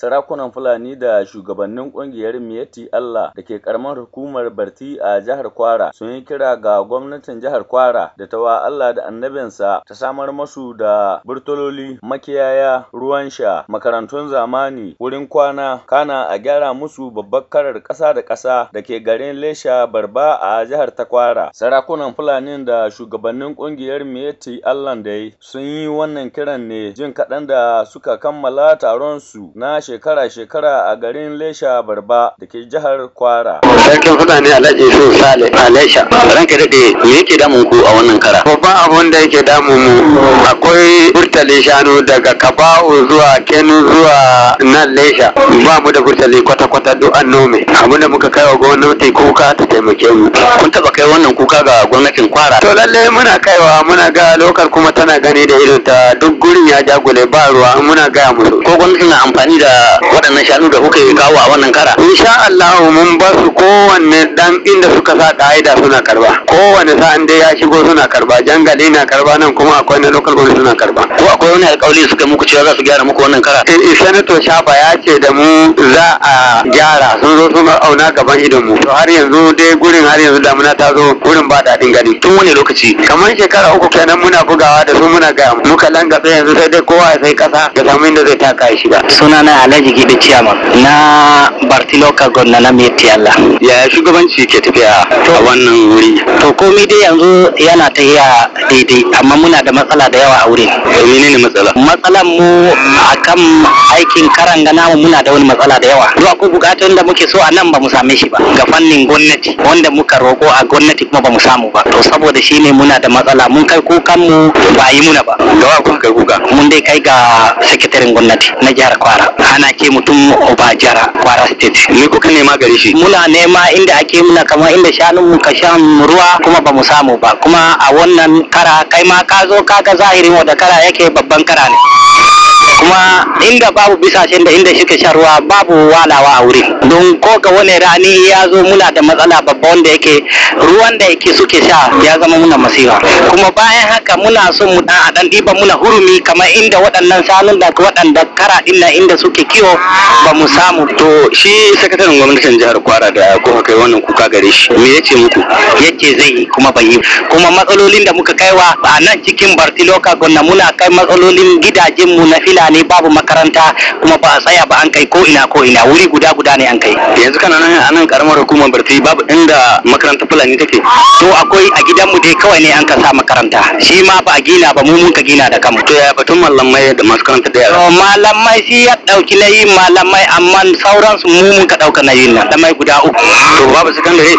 sarakunan Fulani da shugabannin kungiyar miyati Allah da ke karamar hukumar Barti a jihar Kwara sun yi kira ga gwamnatin jihar Kwara da tawa Allah da annabinsa ta samar masu da burtololi, makiyaya, ruwan sha, makarantun zamani, wurin kwana, kana a gyara musu babbar karar ƙasa da ƙasa da ke garin Lesha Barba a jihar ta Kwara. Sarakunan Fulani da shugabannin kungiyar miyati Allah dai sun yi wannan kiran ne jin kaɗan da suka kammala taron su na shekara-shekara a garin Lesha Barba da jihar Kwara. Sarkin Fulani Alhaji Su Sale a Lesha, ranka daɗe me yake damun ku a wannan kara? Babban abun da yake damun mu akwai burtali shanu daga Kabau zuwa Kenu zuwa nan Lesha. Ba mu da burtali kwata-kwata duk an nome. Abun da muka kai wa gwamnati kuka ta taimake mu. Kun taɓa kai wannan kuka ga gwamnatin Kwara? To lallai muna kaiwa muna ga lokal kuma tana gani da irin ta duk gurin ya jagule ba ruwa muna gaya musu. Ko gwamnati na amfani da waɗannan shanu da kuka yi kawo a wannan kara insha Allah mun ba su kowanne dan inda suka sa ka'ida suna karba kowanne sa'an dai ya shigo suna karba jangali na karba nan kuma akwai na local gwamnati suna karba ko akwai wani alƙawari suka muku cewa za su gyara muku wannan kara Sani eh, eh, senator shafa ya ce da mu za a gyara sun zo sun auna gaban idon mu to har yanzu dai gurin har yanzu damuna ta zo gurin ba daɗin gani tun wani lokaci kamar shekara uku kenan muna bugawa da su muna gaya muka langabe yanzu sai dai kowa sai kasa da samu inda zai taka shi ba sunana alhaji gibe ciyama. na bartiloka gonna na meti allah yaya shugabanci ke tafiya a wannan wuri to komai dai yanzu yana tafiya daidai amma muna da matsala da yawa a wurin menene matsala matsalan mu akan aikin karanga namu muna da wani matsala da yawa Zuwa ko bukatun da muke so a nan ba mu same shi ba ga fannin gwamnati wanda muka roko a gwamnati kuma ba mu samu ba to saboda shine muna da matsala mun kai kukan mu ba yi muna ba ga wa kai kuka mun dai kai ga sakataren gwamnati na jihar kwara ana ce mutum Obajara Kwara State. Me kuka nema gare shi? Muna nema inda ake muna kama inda shanun mu ka shan ruwa kuma ba mu samu ba. Kuma a wannan kara kai ma ka zo kaga zahirin da kara yake babban kara ne. kuma inda babu bisashen da inda suke shan ruwa babu walawa a wuri. don ko ga wani rani ya zo muna da matsala babba wanda yake ruwan da yake suke sha ya zama muna masifa kuma bayan haka muna son mu dan dan diba muna hurumi kamar inda waɗannan sanun da waɗanda kara dinna inda suke kiwo ba mu samu to shi sakataren gwamnatin jihar Kwara da kuka kai wannan kuka gare shi me yace muku yace zai kuma ban yi kuma matsalolin da muka kaiwa a nan cikin Barti local gwamna muna kai matsalolin gidajen mu na fila ne babu makaranta kuma ba a tsaya ba an kai ko ina ko ina wuri guda guda ne an kai yanzu kana nan a nan karamar hukumar birti babu inda makaranta fulani take to akwai a gidanmu dai kawai ne an ka sa makaranta shi ma ba a gina ba mu mun ka gina da kanmu to ya batun malamai da masu karanta da yara malamai shi ya dauki layi malamai amma sauran su mu mun ka dauka na yin malamai guda uku to babu secondary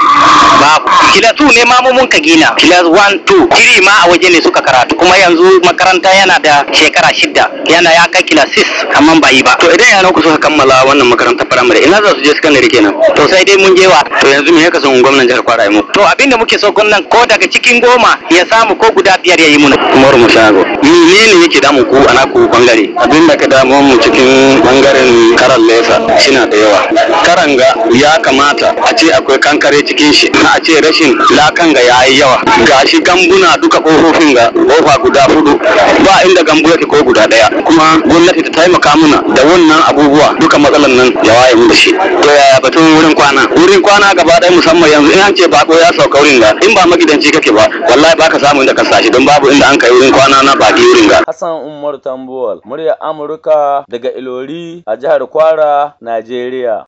babu kilas ne ma mu mun ka gina kilas 1 2 3 ma a waje ne suka karatu kuma yanzu makaranta yana da shekara shida yana ya kai kila sis amma ba yi ba to idan yaran ku suka kammala wannan makarantar firamare ina za su je sakandare kenan to sai dai mun je wa to yanzu me ya kasan gwamnan jihar Kwara mu to abinda muke so gwamnan ko daga cikin goma ya samu ko guda biyar ya yi muna Umaru shago. menene yake damu ku ana ku bangare abinda ka damu mu cikin bangaren karan lesa shina da yawa karanga ya kamata a ce akwai kankare cikin shi na a ce rashin lakan ga yi yawa gashi gambuna duka kofofin ga kofa guda hudu ba inda gambu yake ko guda daya kuma gwamnati ta taimaka mana da wannan abubuwa duka matsalan nan ya waye mu da shi to yaya batun wurin kwana wurin kwana gaba ɗaya musamman yanzu in an ce bako ya sauka wurin ga in ba magidanci kake ba wallahi baka samu inda ka sashi don babu inda an kai wurin kwana na baki wurin ga Hassan Umar Tambuwal murya Amurka daga Ilori a jihar Kwara Najeriya